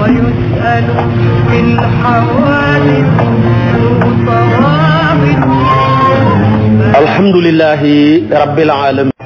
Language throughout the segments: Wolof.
ويسأل في الحوادث الحمد لله رب العالمين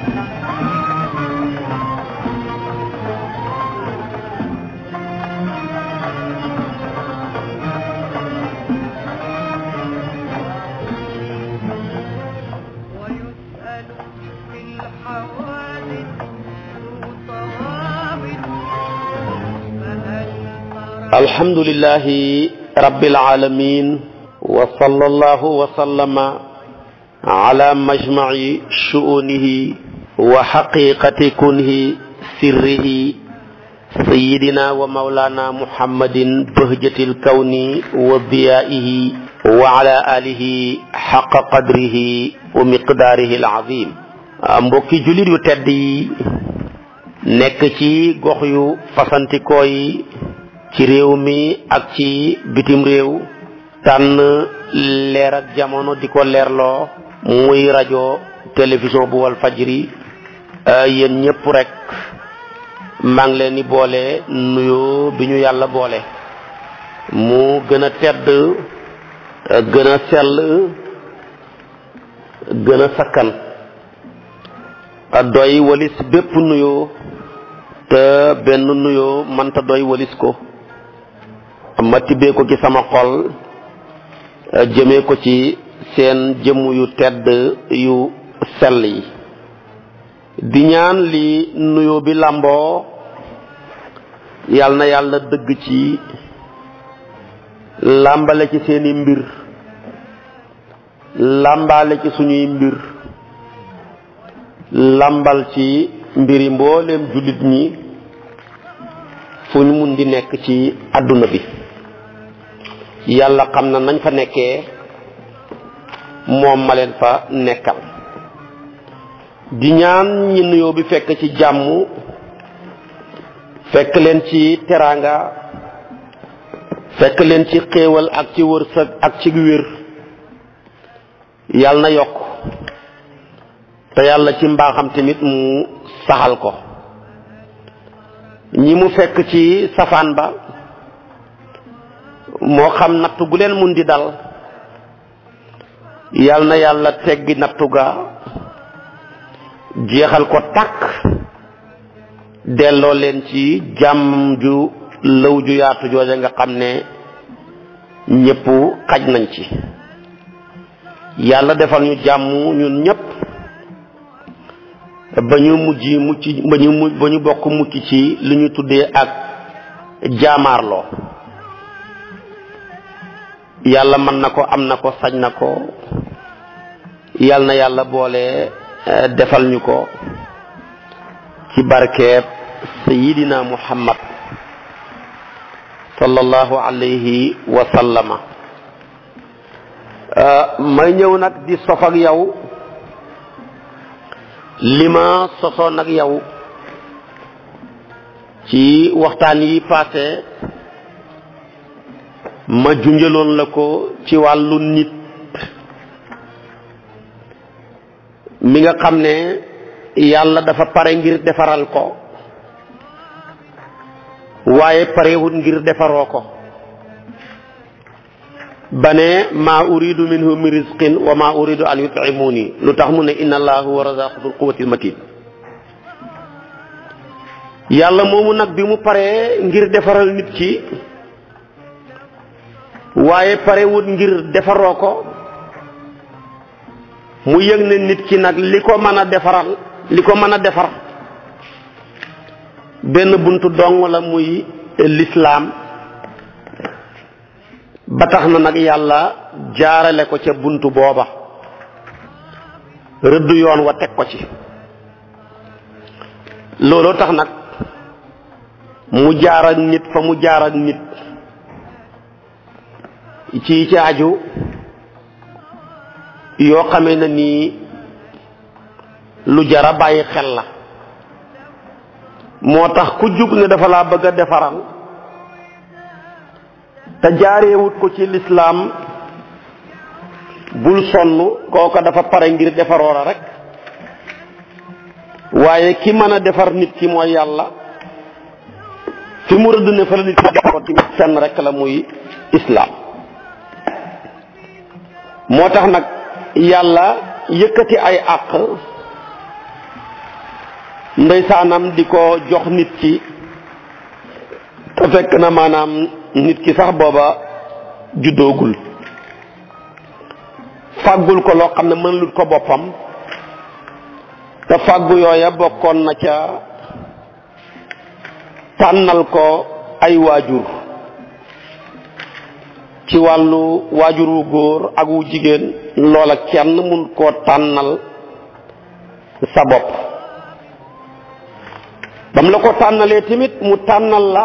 alhamdulilahi rabbil alamin wa sallallahu wa sallama ala majmaci shuunihi wa xaqiqati kunhi sirrihi sayidina wa maulana muhammadin bahjatil kawni wa diyaihi wa ala alihi xaqa qadrihi wa miqdaarihi alazim mbokki jullit yu tedd yi nekk ci gox yu fasantikoo yi ci réew mi ak ci bitim réew tànn leer ak jamono di ko leerloo muy rajo télévision bu wal fajri euh, yéen ñëpp rek maa ngi leen di boole nuyoo bi ñu yàlla boole mu gën a tedd gën a sell gën a sakkan doy walis bépp nuyoo te benn nuyoo mënta doy walis ko ma tibbee ko ci sama xol eh, jëmee ko ci seen jëmm yu tedd yu sell yi di ñaan li nuyoo bi làmboo yal na yàlla dëgg ci làmbale ci seeni mbir làmbale ci suñuy mbir làmbal ci mbiri mbooleem jullit ñi fu ñu mun di nekk ci àdduna bi yàlla xam na nañ fa nekkee moom ma leen fa nekkal di ñaan ñi nuyoo bi fekk ci jàmm fekk leen ci teraanga fekk leen ci xéewal ak ci wërsëg ak ci wér yàlla na yokk te yàlla ci mbaaxam tamit mu saxal ko ñi mu fekk ci safaan ba moo xam nattu gu leen mun di dal yal na yàlla teggi nattu ga jeexal ko tàkk delloo leen ci jàmm ju lëw ju yaatu jooje nga xam ne ñépp xaj nañ ci yàlla defal ñu jàmm ñun ñëpp ba ñu mujj mucc ba ñu bokk mucc ci li ñu tuddee ak jaamaarloo yàlla mën na ko am na ko sañ na ko yàlla na yàlla boole eh, defal ñu ko ci barkeeb sayidina muhammad sallallahu alayhi wa sallama eh, may ñëw nag di sof ak yow li ma sosoon ak yow ci waxtaan yi passé ma junjaloon la ko ci wàllu nit mi nga xam ne yàlla dafa pare ngir defaral ko waaye parewut ngir defaroo ko ba ne maa uridu minhu min rizqin wa maa uridu an yut'imuni lu tax mu ne inna allaha huwa razaqu dul quwwatil matin yàlla moomu nag bi mu paree ngir defaral nit ki waaye parewut ngir defaroo ko mu yëg ne nit ki nag li ko mën a defaral li ko mën a defar benn buntu dong la muy lislaam ba tax na nag yàlla jaarale ko ca buntu booba rëdd yoon wa teg ko ci looloo tax nag mu jaar ak nit fa mu jaar ak nit ci ci aju yoo xame na nii lu jara bàyyi xel la moo tax ku jug ne dafa laa bëgg a defaral te jaareewut ko ci lislaam bul sonn kooka dafa pare ngir defaroo rekk waaye ki mën a defar nit ki mooy yàlla fi mu rëdd ne fa la nit ki defar ko ci seen rek la muy islaam moo tax nag yàlla yëkkati ay àq ndeysaanam di ko jox nit ki te fekk na maanaam nit ki sax booba juddoogul fàggul ko loo xam ne mënul ko boppam te fàggu yooya bokkoon na ca tànnal ko ay waajur ci wàllu waajur wu góor ak wu jigéen loola kenn mun koo tànnal sa bopp bam la ko tànnalee tamit mu tànnal la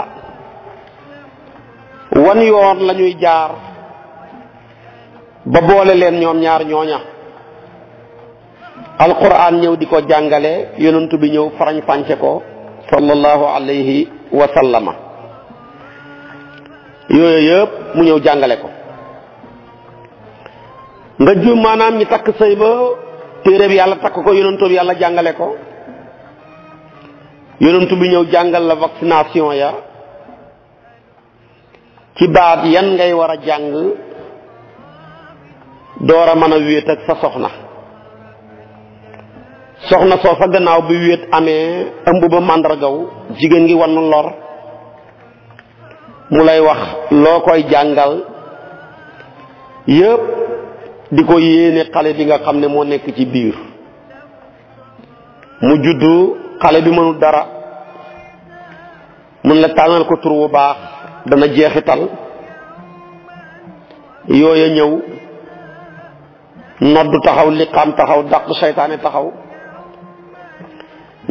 wan yoon la ñuy jaar ba boole leen ñoom ñaar ñooña alquran ñëw di ko jàngale yonentu bi ñëw farañ fànce ko sallallahu alayhi wa yooyu yëpp mu ñëw jàngale ko nga juum maanaam ñi takk sëy ba téere bi yàlla takk ko yonentu bi yàlla jàngale ko yonentu bi ñëw jàngal la vaccination ya ci baat yan ngay war a jàng door a mën a wéet ak sa soxna soxna soo fa gannaaw bi wéet amee ëmb ba màndargaw jigéen ngi wannu lor mu lay wax loo koy jàngal yépp di ko yéene xale bi nga xam ne moo nekk ci biir mu juddu xale bi mënul dara mun la tànnal ko tur bu baax dana jeexital yooya ñëw noddu taxaw liqaam taxaw dàq seytaane taxaw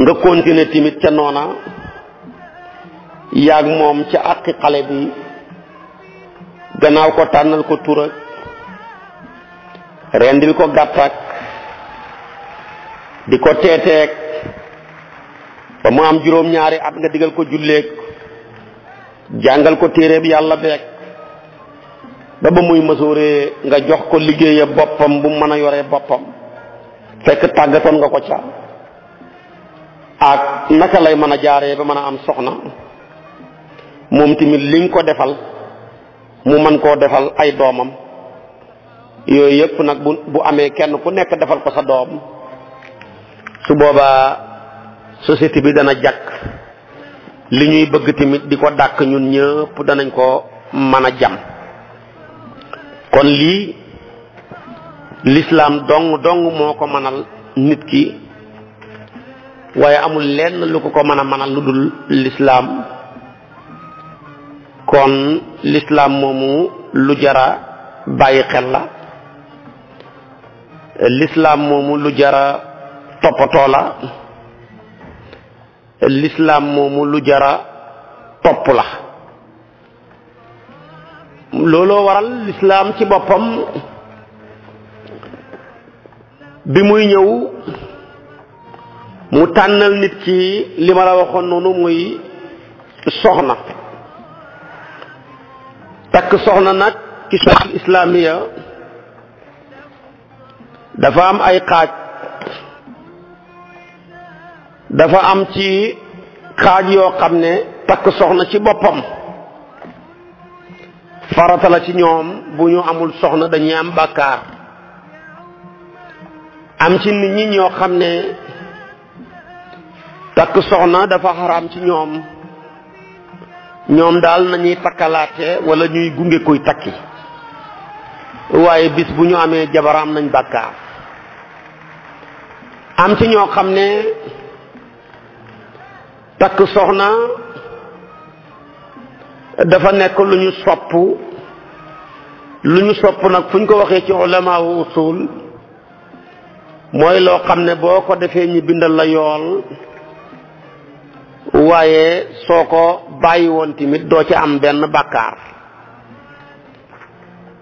nga continuer timit ca noona yaag moom ci àqi xale bi gannaaw ko tànnal ko turak rendil ko gàttak di ko teeteeg ba mu am juróom-ñaari at nga digal ko julleeg jàngal ko téere bi yàlla beek ba ba muy masooree nga jox ko liggéeya boppam bu mën a yore boppam fekk tàngatoon nga ko ca ak naka lay mën a jaaree ba mën a am soxna moom tamit liñ ko defal mu mën koo defal ay doomam yooyu yëpp nag bu bu amee kenn ku nekk defal ko sa doom su boobaa société bi dana jàkk li ñuy bëgg tamit di ko dàkk ñun ñëpp danañ ko mën a jam kon lii lislaam dong dong moo ko mënal nit ki waaye amul lenn lu ko ko mën a mënal lu dul lislaam kon lislaam moomu lu jara bàyyi xel la lislaam moomu lu jara toppatoo la lislaam moomu lu jara topp la looloo waral lislaam ci boppam bi muy ñëw mu tànnal nit ki limala waxoon noonu muy soxna takk soxna nag ci sariya islaamiya dafa am ay xaaj dafa am ci xaaj yoo xam ne takk soxna ci boppam farata ci ñoom bu ñu amul soxna dañuy am bàkkaar am ci nit ñi ñoo xam ne takk soxna dafa xaraam ci ñoom ñoom daal nañuy takkalaate wala ñuy gunge koy takki waaye bis bu ñu amee jabaraam nañ bàkkaar am ci ñoo xam ne takk soxna dafa nekk lu ñu sopp lu ñu sopp nag fu ñu ko waxee ci ulama wu usul mooy loo xam ne boo ko defee ñu bindal la yool waaye soo ko bàyyi woon tamit doo ci am benn bàkkaar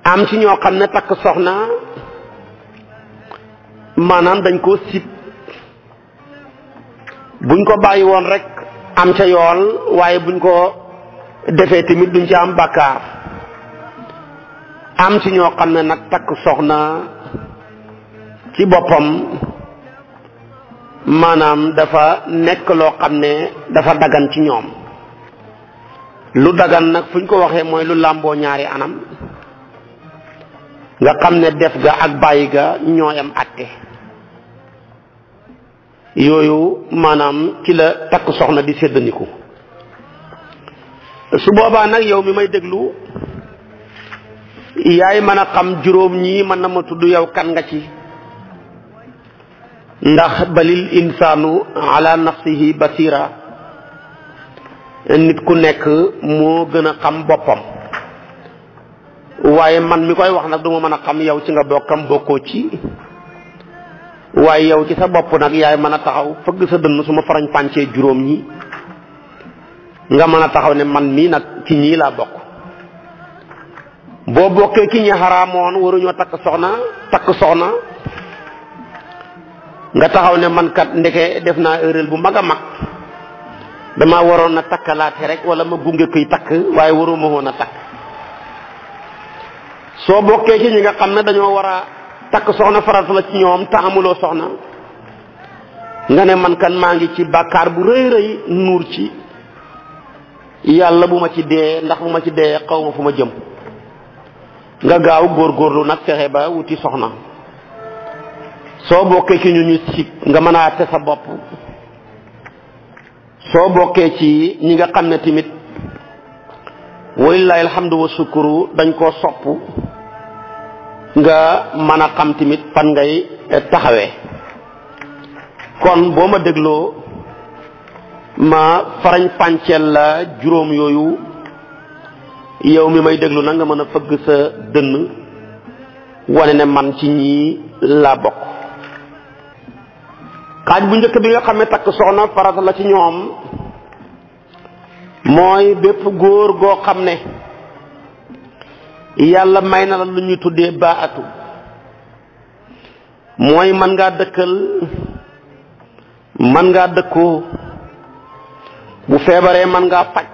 am ci ñoo xam ne takk soxna maanaam dañ ko sit buñ ko bàyyi woon rek am ca yool waaye buñ ko defee tamit duñ ci am bàkkaar am ci ñoo xam ne nag takk soxna ci boppam maanaam dafa nekk loo xam ne dafa dagan ci ñoom lu dagan nag fu ñu ko waxee mooy lu làmboo ñaari anam nga xam ne def ga ak bàyyi ga ñooyam àtte yooyu maanaam ci la takk soxna di seddandiku su boobaa nag yow mi may déglu yaay man a xam juróom ñii mën na ma tudd yow kan nga ci ndax balil insaanu ala nafsihi basira nit ku nekk moo gën a xam boppam waaye man mi koy wax nag du ma mën a xam yow ci nga bokkam bokkoo ci waaye yow ci sa bopp nag yaay mën a taxaw fëgg sa dënn su ma farañ pàncee juróom ñi nga mën a taxaw ne man mii nag ci ñii laa bokk boo bokkee ki ñi xaraamoon waruñoo takk soxna takk soxna nga taxaw ne mankat kat ndeke def naa erreur bu mag a mag dama waroon a takkalaate rek wala ma gunge kuy takk waaye waruma woon a takk soo bokkee ci ñi nga xam ne dañoo war a takk soxna farata la ci ñoom te amuloo soxna nga ne man maa ngi ci bàkkaar bu rëy rëy nuur ci yàlla bu ma ci dee ndax bu ma ci dee xaw ma fu ma jëm nga gaaw góor góorlu nag fexe ba wuti soxna soo bokkee ci ñu ñu sib nga mën a àtte sa bopp soo bokkee ci ñi nga xam ne tamit walillahi alhamdu wa sukuru dañ koo sopp nga mën a xam tamit pan ngay eh, taxawee kon boo ma dégloo ma farañ pànceel la juróom yooyu yow mi may déglu na nga mën a fëgg sa dënn wane ne man ci ñi laa bokk xaaj bu njëkk bi nga xam ne takk soxna farata ci ñoom mooy bépp góor goo xam ne yàlla may na la lu ñu tuddee baaxatu mooy man ngaa dëkkal man ngaa dëkkoo bu feebaree man ngaa faj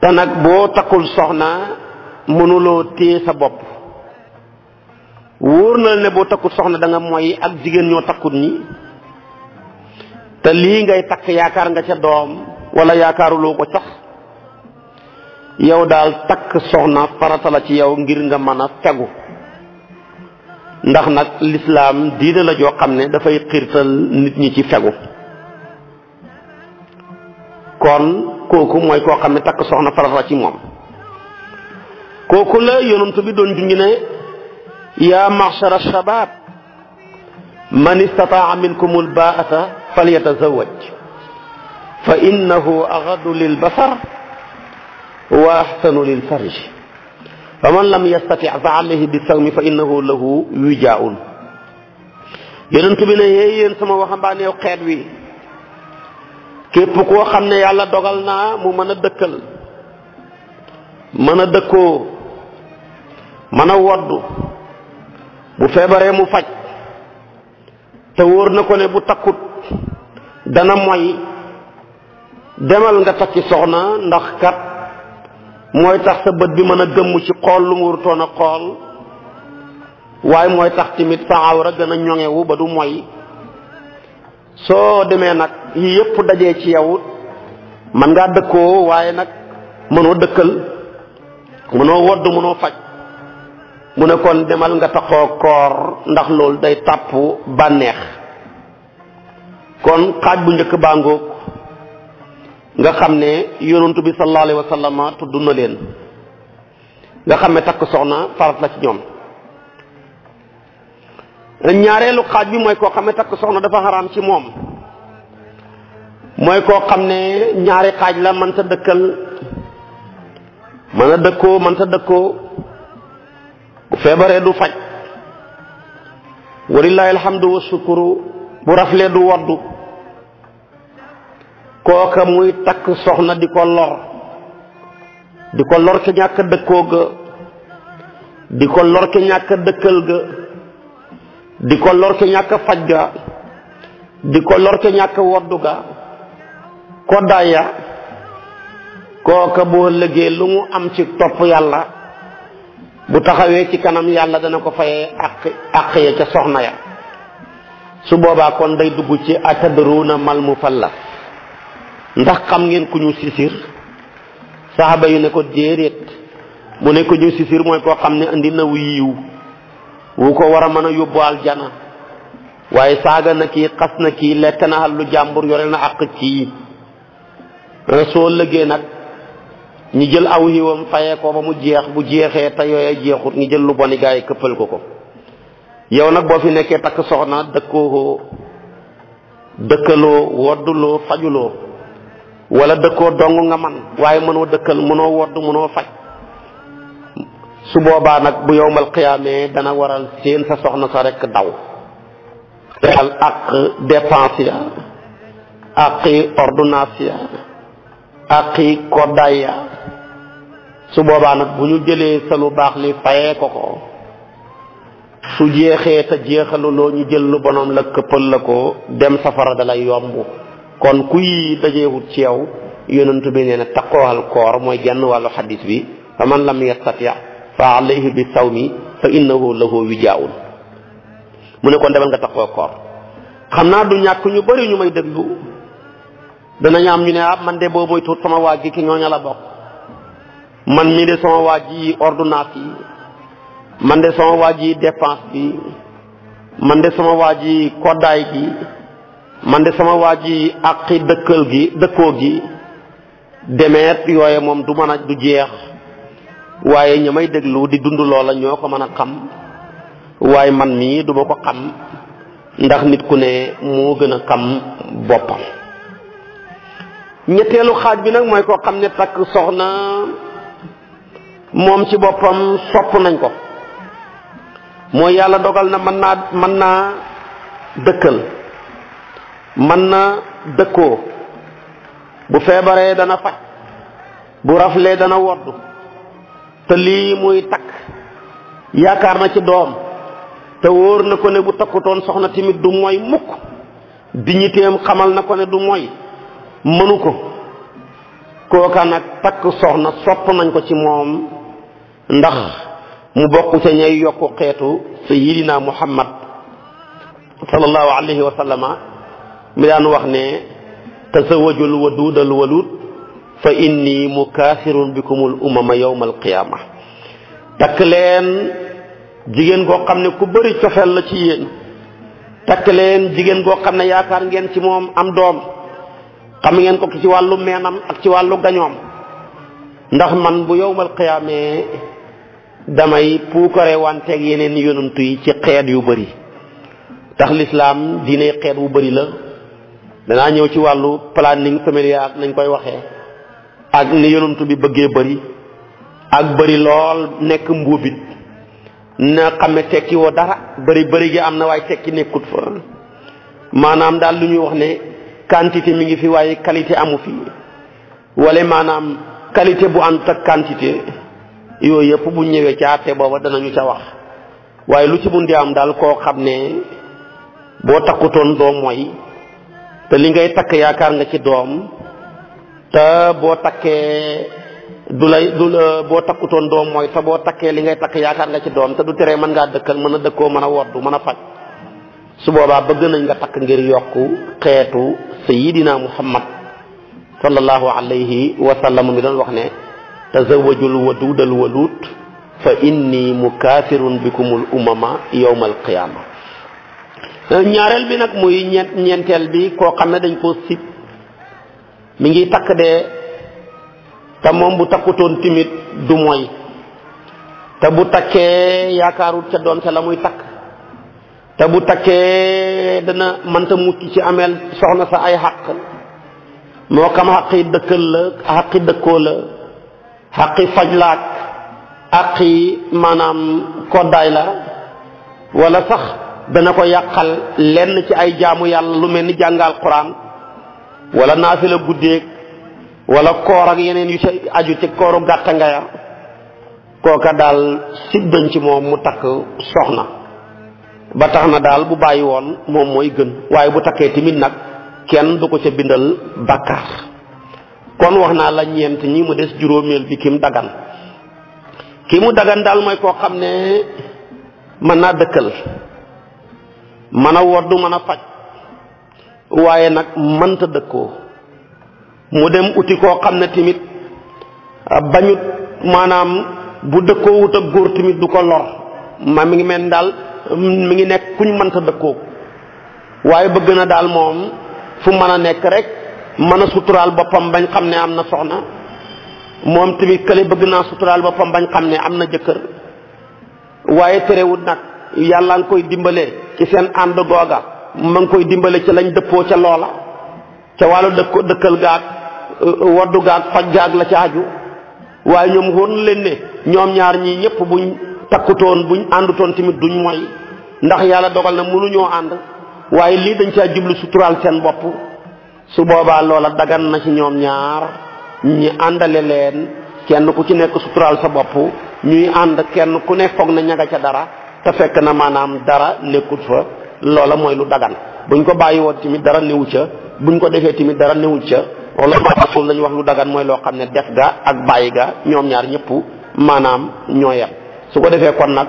te nag boo takkul soxna mënuloo téye sa bopp wóor na ne boo takkut soxna danga nga mooy ak jigéen ñoo takkut ñi te lii ngay takk yaakaar nga ca doom wala yaakaaruloo ko sax yow daal takk soxna farata la ci yow ngir nga mën a fegu ndax nag lislaam diine la joo xam ne dafay xiirtal nit ñi ci fegu kon kooku mooy koo xam ne takk soxna farata la ci moom kooku la yonent bi doon junj ne yaa machara shabaab man istataa minkum albaata falyatazawaj fa innahu agadu lilbasar wa axsanu lilfarji fa man lam yastati fa alayhi bisawmi fa innahu lahu wijaaun yonent bi ne yee yéen sama waxambaane yow xeet wi képp koo xam ne yàlla dogal naa mu mën a dëkkal mën a dëkkoo mën a woddu bu feebaree mu faj te wóor na ko ne bu takkut dana moy demal nga takki soxna ndax kat mooy tax sa bët bi mën a gëmm ci xool lu mu warutoon xool waaye mooy tax tamit sa awra gën a ñoŋewu ba du moy soo demee nag yi yépp dajee ci yow man ngaa dëkkoo waaye nag mënoo dëkkal mënoo wodd mënoo faj mu ne kon demal nga taxoo koor ndax loolu day tàpp bànneex kon xaaj bu njëkk bàngoog nga xam ne yonantu bi sallallahu alayhi wa sallam tudd na leen nga xam ne takk soxna farat la ci ñoom ñaareelu xaaj bi mooy koo xam ne takk soxna dafa xaraam ci moom mooy koo xam ne ñaari xaaj la mën ta dëkkal mën a dëkkoo mën ta dëkkoo feebaree du faj walillahi alhamdu wa sukuru bu raflee du waddu kooka muy takk soxna di ko lor di ko lor ke ñàkk dëkkoo ga di ko lor ke ñàkk dëkkal ga di ko lor ke ñàkk faj ga di ko lor ke ñàkk waddu ga ko kooka boo lëgee lu mu am ci topp yàlla bu taxawee ci kanam yàlla dana ko fayee àq àq ya ca soxna ya su boobaa kon day dugg ci atadruuna mal la ndax xam ngeen ku ñu sisir saxaba yu ne ko déeréet mu ne ko ñu sisir mooy koo xam ne indi na wu yiw wu ko war a mën a yóbbu aljana waaye saaga na kii xas na kii lekk na xal lu jàmbur yore na àq kii soo lëggee nag ñu jël aw yiwam fayee ko ba mu jeex bu jeexee te yooyee jeexut ñu jël lu boni gaa yi këppal ko ko yow nag boo fi nekkee takk soxna dëkkoo dëkkaloo wodduloo fajuloo wala dëkkoo dong nga man waaye mënoo dëkkal mënoo wodd mënoo faj su boobaa nag bu yowmal xiyaamee dana waral seen sa soxna sa rekk daw al ak dépense ya aqi ordonnance ya aqi koddaay ya su boobaa nag bu ñu jëlee sa lu baax li fayee ko ko su jeexee te jeexaluloo ñu jël lu bonoom la këppal la ko dem safara dalay yomb kon kuy dajeewut ci yow yonentu bi nee na taqoowal koor mooy genn wàllu xadis bi fa man lam yastati fa alayhi bi sawmi fa innahu lahu wijaawun mu ne kon demal nga taqoo koor xam naa du ñàkk ñu bari ñu may déglu danañ am ñu ne ah man de booboy tuut sama waa gi ki ñooña la bokk man mii de sama waa ji ordonnance yi man de sama waa ji dépense bi man de sama waa ji koddaay gi man de sama waa ji àqi dëkkal gi dëkkoo gi demeet yooye moom du mën a du jeex waaye ña may déglu di dund loola ñoo ko mën a xam waaye man mii duma ko xam ndax nit ku ne moo gën a xam boppam ñetteelu xaaj bi nag mooy koo xam ne takk soxna moom ci boppam sopp nañ ko moo yàlla dogal na mën naa mën naa dëkkal mën naa dëkkoo bu feebaree dana faj bu raflee dana wodd te lii muy takk yaakaar na ci doom te wóor na ko ne bu takkutoon soxna tamit du mooy mukk digniteem xamal na ko ne du moy mënu ko kooka nag takk soxna sopp nañ ko ci moom ndax mu bokk ca ñay yokk xeetu sayidina muhammad sallallahu alayhi wa sallama mi daan wax ne tasawajul waduudal waluud fa inni mukaasirun bikumul umama yawmal qiyaama takk leen jigéen goo xam ne ku bëri cofeel la ci yéen takk leen jigéen goo xam ne yaakaar ngeen ci moom am doom xam ngeen ko ci wàllu meenam ak ci wàllu gañoom ndax man bu yowmal qiyaamee damay puukare wanteeg yeneen yonantu yi ci xeet yu bari tax lislaam diine xeet wu bari la danaa ñëw ci wàllu planning familial ak nañ koy waxee ak ni yonantu bi bëggee bari ak bari lool nekk mbuubit na xame tekki woo dara bari bari gi am na waaye tekki nekkut fa maanaam daal lu ñuy wax ne quantité mi ngi fi waaye qualité amu fi wala maanaam qualité bu ànd ak quantité yooyu yëpp bu ñëwee ci àtte booba danañu ca wax waaye lu ci mun di am daal koo xam ne boo takkutoon doom mooy te li ngay takk yaakaar nga ci doom te boo takkee du lay du boo takkutoon doom mooy te boo takkee li ngay takk yaakaar nga ci doom te du teree mën ngaa dëkkal mën a dëkkoo mën a woddu mën a faj su boobaa bëgg nañ nga takk ngir yokk xeetu sayidina muhammad sallallahu alayhi wa sallam mi doon wax ne tazawajul waduudal waluut fa inni mukaafirun bikumul umama yowmal qiyaama ñaareel bi nag muy ñeent ñeenteel bi koo xam ne dañ koo sib mi ngi takk de te moom bu takkutoon timit du mooy te bu takkee yaakaarut ca doon ca la muy takk te bu takkee dana mënta mukki ci ameel soxna sa ay xaq moo xam xaqi dëkkal la xaqi dëkkoo la xaqi faj laak aqi maanaam koddaay la wala sax dana ko yàqal lenn ci ay jaamu yàlla lu mel ni jàngal walla wala naafila guddeeg wala koor ak yeneen yu ca aju ci kooru gàtta ngaya kooka daal sib ci moom mu takk soxna ba tax na daal bu bàyyi woon moom mooy gën waaye bu takkee timit nag kenn du ko ca bindal bàkkaar kon wax naa la ñeent ñi mu des juróomeel bi ki mu dagan ki mu daggan daal mooy koo xam ne mën naa dëkkal mën a woddu mën a faj waaye nag mënta dëkkoo mu dem uti koo xam ne tamit bañut maanaam bu dëkkoo wut ak góor tamit du ko lor ma mi ngi mel daal mu ngi nekk kuñ mënta dëkkoo waaye bëgg na daal moom fu mën a nekk rek mën a suturaal boppam bañ xam ne am na soxna moom tamit kële bëgg naa suturaal boppam bañ xam ne am na jëkkër waaye terewut nag yàlla nga koy dimbale ci seen ànd googa ma ngi koy dimbale ci lañ dëppoo ca loola ca wàllu dëkk dëkkal gaag euh, waddu gaag faj gaag la ci aju waaye ñoom wóor leen ne ñoom ñaar ñii ñëpp buñ takkutoon buñ àndutoon tamit duñ mooy ndax yàlla dogal na mënuñoo ànd waaye lii dañ caa jublu suturaal seen bopp su boobaa loola dagan na ci ñoom ñaar ñi àndale leen kenn ku ci nekk suturaal sa bopp ñuy ànd kenn ku nekk foog na ñaga ca dara te fekk na maanaam dara lekkut fa loola mooy lu dagan buñ ko bàyyi woon tamit dara newu ca buñ ko defee tamit dara newu ca wala baaxul lañu wax lu dagan mooy loo xam ne def ga ak bàyyi ga ñoom ñaar ñëpp maanaam ñoo su ko defee kon nag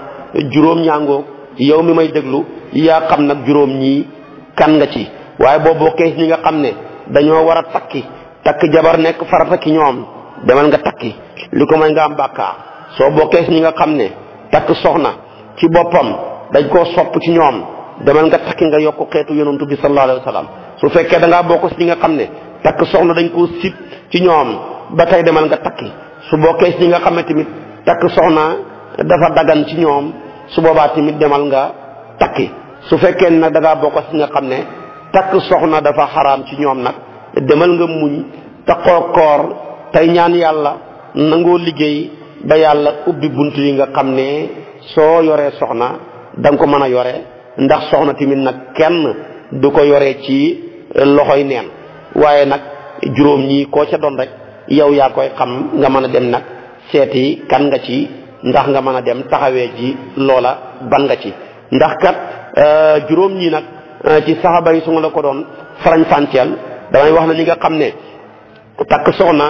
juróom ñaangoog yow mi may déglu yaa xam nag juróom ñii kan nga ci waaye boo bokkee ñi nga xam ne dañoo war a takki takk jabar nekk farata ki ñoom demal nga takki li ko may nga am bàkkaar soo bokkee ñi nga xam ne takk soxna ci boppam dañ koo sopp ci ñoom demal nga takki nga yokk xeetu yonantu bi sallallahu alayhi wa sallam su fekkee da ngaa bokk si ñi nga xam ne takk soxna dañ koo sib ci ñoom ba tey demal nga takki su bokkee si ñi nga xam ne tamit takk soxna dafa dagan ci ñoom su boobaa tamit demal nga takki su fekkee nag da ngaa bokk si ñi nga xam ne takk soxna dafa xaraam ci ñoom nag demal nga muñ taxoo koor tey ñaan yàlla nangoo liggéey ba yàlla ubbi bunt yi nga xam ne soo yoree soxna da nga ko mën a yore ndax soxna tamit nag kenn du ko yoree ci loxoy neen waaye nag juróom ñii koo ca doon rek yow yaa koy xam nga mën a dem nag seeti kan nga ci ndax nga mën a dem taxawee ji loola ban nga ci ndax kat euh, juróom ñii nag Euh, ci saxaba yi su la ko doon farañ fànteel damay wax na ñi nga xam ne takk soxna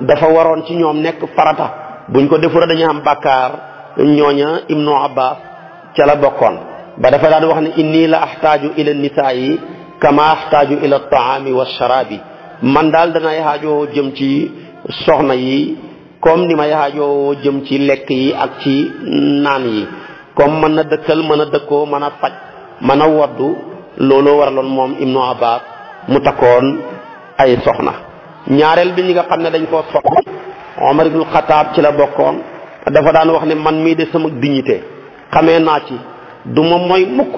dafa waroon ci ñoom nekk farata buñ ko defura dañuy am bàkkaar ñooña ibnu abbas ca la bokkoon ba dafa daan wax ne indi la axtaaju ila nisaayi kama axtaaju ila taami wa sharaabi man daal danay xaajoo jëm ci soxna yi comme ni ma xaajoo jëm ci lekk yi ak ci naan yi comme mën na dëkkal mën a dëkkoo mën a faj mën a wodd looloo waraloon moom Ibnu Abbas mu takkoon ay soxna ñaareel bi ñi nga xam ne dañ koo soxla Omar ibnul Xataab ci la bokkoon dafa daan wax ne man mii de sama dignité xamee naa ci du ma mooy mukk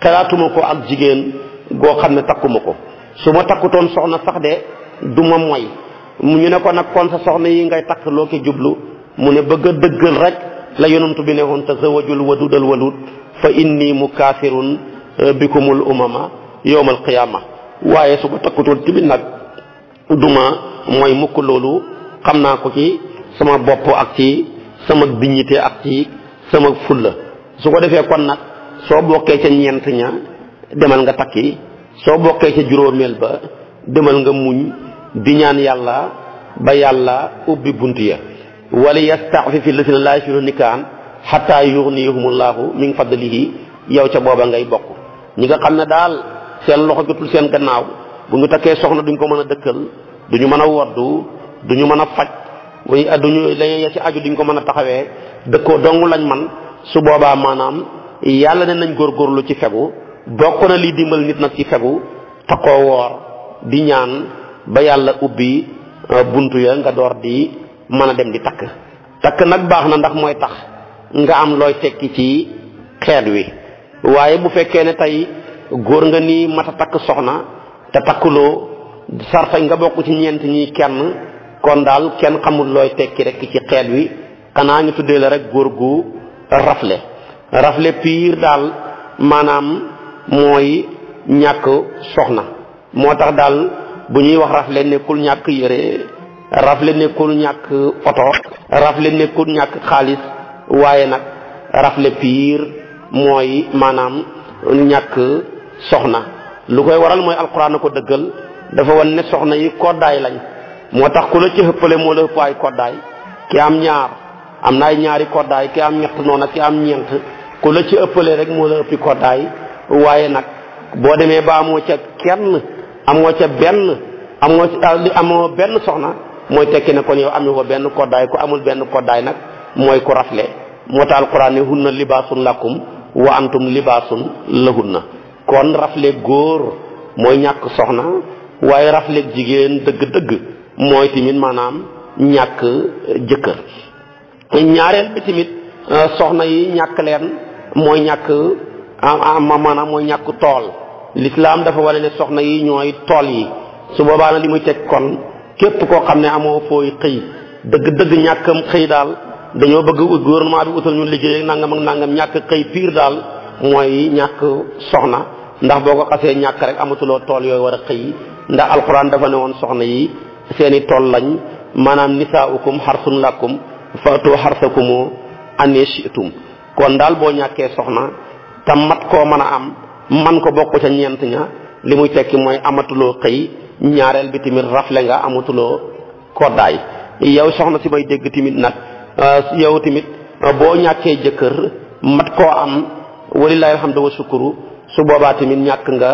xelaatuma ko ak jigéen goo xam ne takkuma ko su ma takkutoon soxna sax de du ma mooy mu ñu ne ko nag kon sa soxna yi ngay takk loo jublu mu ne bëgg a dëggal rek la yonantu bi ne woon tazawajul wadudal walud fa inni mukaafirun bikumul umama yowmal qiyaama waaye su ma takkutoon tamit nag duma mooy mukk loolu xam naa ko ci sama bopp ak ci sama dignité ak ci sama fulla su ko defee kon nag soo bokkee ca ñeent ña demal nga takki soo bokkee ca juróomeel ba demal nga muñ di ñaan yàlla ba yàlla ubbi bunt ya wala yastaafifi lasina laa yasunu nikaan xataa yuxniyahumullahu min fadlihi yow ca booba ngay bokk ñi nga xam ne daal seen loxo jotul seen gannaaw bu ñu takkee soxna duñ ko mën a dëkkal duñu mën a woddu duñu mën a faj way duñu la ya ci aju duñ ko mën a taxawee dëkkoo dong lañ man su boobaa maanaam yàlla ne nañ góorgóorlu ci fegu bokk na lii dimbal nit nag ci fegu takkoo woor di ñaan ba yàlla ubbi euh, bunt ya nga door di mën a dem di takk takk nag baax na ndax mooy tax nga am looy tekki ci xeet wi waaye bu fekkee ne tey góor nga nii mat a takk soxna te takkuloo sarfañ nga bokk ci ñeent ñi kenn kon daal kenn xamul looy tekki rek ci xeet wi xanaa ñu tuddee la rek góor gu rafle rafle piir daal maanaam mooy ñàkk soxna moo tax daal bu ñuy wax rafle nekkul ñàkk yére rafle nekkul ñàkk oto rafle nekkul ñàkk xaalis waaye nag rafle piir mooy maanaam ñàkk soxna lu koy waral mooy alquran a ko dëggal dafa wan ne soxna yi koddaay lañ moo tax ku la ci ëppale moo la ëpp koddaay ki am ñaar am na ay ñaari koddaay ki am ñett noonu ki am ñeent ku la ci ëppale rek moo la ëppi koddaay waaye nag boo demee ba amoo ca kenn amoo ca benn amoo ah, amoo benn soxna mooy tekki ne kon yow am ko benn koddaay ku amul benn koddaay nag mooy ku rafle moo tax alquran ne hunna libaasun lakum wa antum libaasun na kon rafle góor mooy ñàkk soxna waaye rafle jigéen dëgg-dëgg mooy tamit maanaam ñàkk euh, jëkkër ñaareel bi tamit euh, soxna yi ñàkk leen mooy ñàkk maanaam mooy ñàkk tool lislaam dafa wane ne soxna yi ñooy tool yi su boobaa na li muy teg kon képp koo xam ne amoo fooy xëy dëgg-dëgg ñàkkam xëy daal dañoo bëgg gouvernement bi utal ñun liggéey ak nangam nangam ñàkk xëy piir daal mooy ñàkk soxna ndax boo ko xasee ñàkk rek amatuloo tool yooyu war a xëy ndax alxuraan dafa ne woon soxna yi seeni tool lañ maanaam nisaaukum xarsun lakum faatu xarsakumu annee shi'tum kon daal boo ñàkkee soxna te mat koo mën a am man ko bokk ca ñeent ña li muy tekki mooy amatuloo xëy ñaareel bi tamit rafle nga amatuloo koddaay yow soxna si may dégg tamit nag yow tamit boo ñàkkee jëkkër mat koo am walilahi alhamdu wa sukuru su boobaa tamit ñàkk nga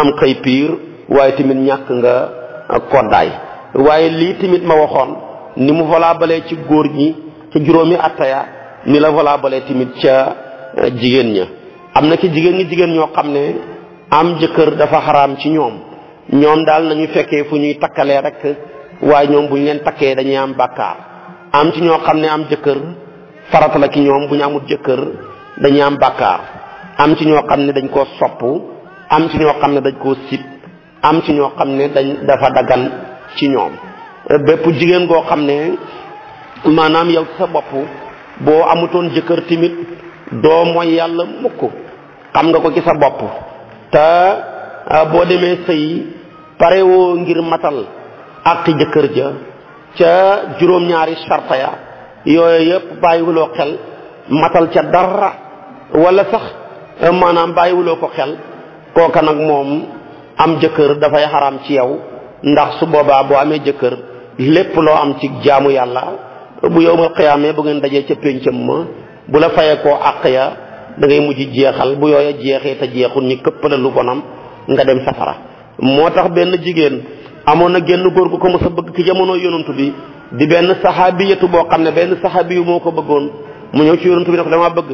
am xëy piir waaye tamit ñàkk nga koddaay waaye lii tamit ma waxoon ni mu valable ci góor ñi ca juróomi attaya ni la valable tamit ca eh, jigéen ña am na ci jigéen ñi jigéen ñoo xam ne am jëkkër dafa xaram ci ñoom ñoom daal nañu fekkee fu ñuy takkalee rek waaye ñoom bu ñu leen takkee dañuy am bàkkaar am ci ñoo xam ne am jëkkër farata la ci ñoom bu ñu amul jëkkër dañuy am bàkkaar am ci ñoo xam ne dañ koo sopp am ci ñoo xam ne dañ koo sib am ci ñoo xam ne dañ dafa dagan ci ñoom bépp jigéen goo xam ne maanaam yow sa bopp boo amutoon jëkkër timit doo yàlla mukk xam nga ko ci sa bopp te boo demee sëy parewoo ngir matal àq jëkkër ja ca juróom-ñaari sarta ya yooyu yëpp bàyyiwuloo xel matal ca dara wala sax eh, maanaam bàyyiwuloo ko xel kooka nag moom am jëkkër dafay xaram ci yow ndax su boobaa boo amee jëkkër lépp loo am ci jaamu yàlla bu yowmal xiyaamee bu ngeen dajee ca péncam ma bu la fayee koo àq ya da mujj jeexal bu yooya jeexee te jeexul ñu këpp la lu bonam nga dem safara moo tax benn jigéen amoon na génn góor gu ko mos a bëgg ki jamono yonantu bi di benn bi saxaabiyatu boo xam ne benn saxaabi yu moo ko bëggoon mu ñëw ci yonantu bi ne ko dama bëgg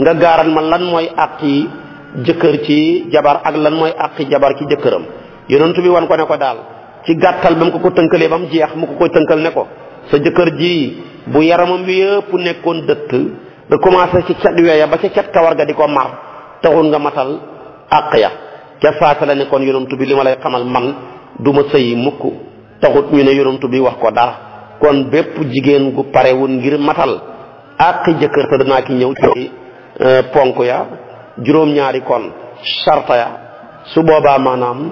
nga gaaral ma lan mooy àqi jëkkër ci jabar ak lan mooy àqi jabar ci jëkkëram yonantu bi wan ko ne ko daal ci gàttal ba mu ko ko tënkalee ba mu jeex mu ko koy tënkal ne ko sa jëkkër ji bu yaramam bi yëpp nekkoon dëtt nga commencé ci cat weeya ba ca cat kawar ga di ko mar taxul nga matal àq ya ca saasa la ne kon yonantu bi li ma lay xamal man duma ma sëy mukk taxut ñu ne yonantu bi wax ko dara kon bépp jigéen gu parewul ngir matal ak jëkkër te danaa ki ñëw ci euh, ponk ya juróom-ñaari kon sarta ya su boobaa maanaam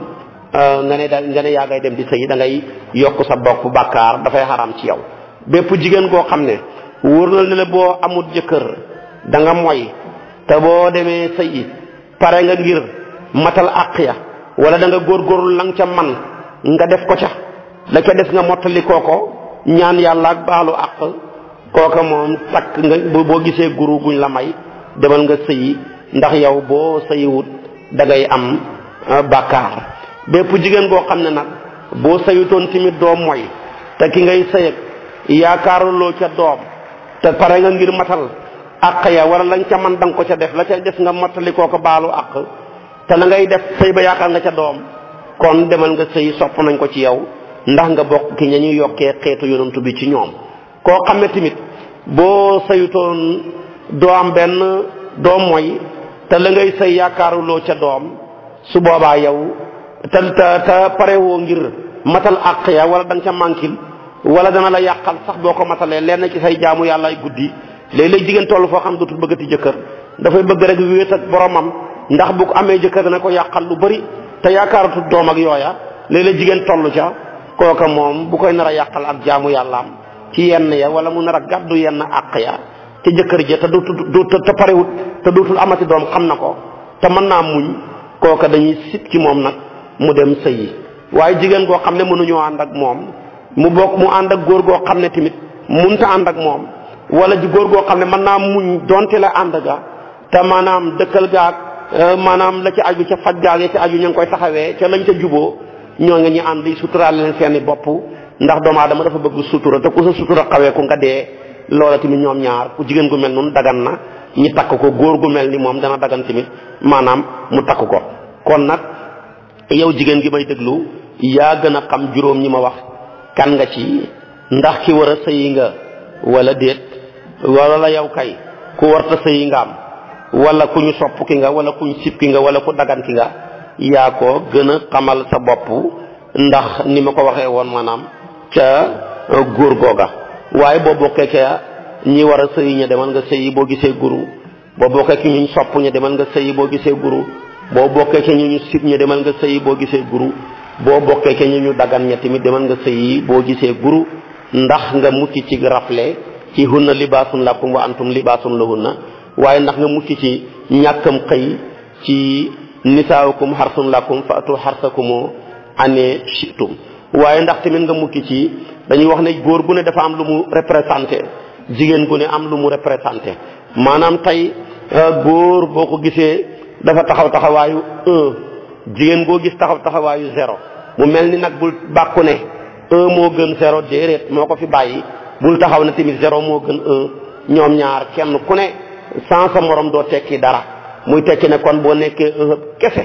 euh, nga ne daal nga ne yaa ngay dem di sëy dangay yokk sa bopp bàkkaar dafay xaram ci yow bépp jigéen goo xam ne wóor na la boo amul jëkkër da nga moy te boo demee sëyi pare nga ngir matal àq ya wala da góor góorgóorlu la nga ca man nga def ko ca la ca des nga mottali kooko ñaan yàlla ak baalu àq kooka moom takk nga boo gisee guru guñ la may demal nga sëyi ndax yow boo sëyiwut dangay am ah, bàkkaar bépp jigéen boo xam ne nag boo sëyutoon tamit doom mooy te ki ngay sëyag yaakaaruloo ca doom te pare nga ngir matal àq ya wala lañ ca man danga ko ca def la ca des nga mottali kooko baalu àq te la ngay def sëy ba yaakaar nga ca doom kon demal nga sëy sopp nañ ko ci yow ndax nga bokk ki ñuy yokkee xeetu yonantu bi ci ñoom koo xam ne tamit boo sëyutoon doo am benn doom mooy te la ngay sëy yaakaaruloo ca doom su boobaa yow te te te woo ngir matal àq ya wala danga ca mànkil wala dana la yàqal sax boo ko matalee lenn ci say jaamu yàlla ay guddi léeg-léeg jigéen toll foo xam dootul bëggati jëkkër dafay bëgg rek wéet ak boromam ndax bu ko amee jëkkër dana ko yàqal lu bari te yaakaaratu doom ak yooya léeg-léeg jigéen toll ca kooka moom bu koy nar a yàqal ak jaamu yàllaam ci yenn ya wala mu nar a gàddu yenn àq ya te jëkkër ja te du dootul te parewut te dootul amati doom xam na ko te mën naa muñ kooka dañuy sib ci moom nag mu dem sëyi waaye jigéen goo xam ne mënuñoo ànd ak moom mu bokk mu ànd ak góor goo xam ne tamit munta ànd ak moom wala ji góor goo xam ne mën naa muñ donte la ànd Euh, maanaam la ci aju ca faj gaal ya ca aju ña ngi koy taxawee ca lañ ca juboo ñoo nga ñu ànd di suturaal leen seeni bopp ndax doomu aadama dafa bëgg sutura te ku sa sutura xawee ku nga dee loola tamit ñoom ñaar ku jigéen gu mel noonu dagan na ñi takk ko góor gu mel ni moom dana dagan tamit maanaam mu takk ko kon nag yow jigéen gi may déglu yaa gën a xam juróom ñi ma wax kan nga ci ndax ki war a sëyi nga wala déet walla la yow kay ku warta sëyi nga am wala ku ñu sopp ki nga wala ku ñu sib ki nga wala ku dagan ki nga yaa ko gën a xamal sa bopp ndax ni ma ko waxee woon maanaam ca euh, góor googa waaye boo bokkee ca war a sëyi ña demal nga sëyi boo gisee guru boo bokkee ci ñu sopp ñu demal nga sëyi boo gisee guru boo bokkee ci ñu sib ña demal nga sëyi boo gisee guru boo bokkee ci ñu ñu dagan ña tamit demal nga sëyi boo gisee guru ndax nga mucc ci rappelé ci hunna libaasun lakum wa antum libaasun lahunna waaye ndax nga mukki ci ñàkkam xëy ci nisaawukum xarsun lakum fa atu xarsakumu année shitum waaye ndax tamit nga mukki ci dañuy wax ne góor bu ne dafa am lu mu représenté jigéen gu ne am lu mu représenté maanaam tey euh, góor boo ko gisee dafa taxaw taxawaayu un jigéen boo gis taxaw taxawaayu zéro mu mel ni nag bul bàkku ne moo gën zéro déedéet moo ko fi bàyyi bul taxaw ne tamit zéro moo gën un ñoom ñaar kenn ku ne sans sa morom doo tekki dara muy tekki ne kon boo nekkee ëhëb kese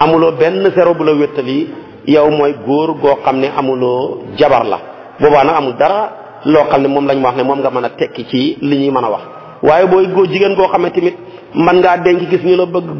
amuloo benn zéro bu la wéttali yow mooy góor goo xam ne amuloo jabar la boobaa nag amul dara loo xam ne moom lañ wax ne moom nga mën a tekki ci li ñuy mën a wax waaye booy góor jigéen goo xam ne tamit mën ngaa denc gis ñu la bëgg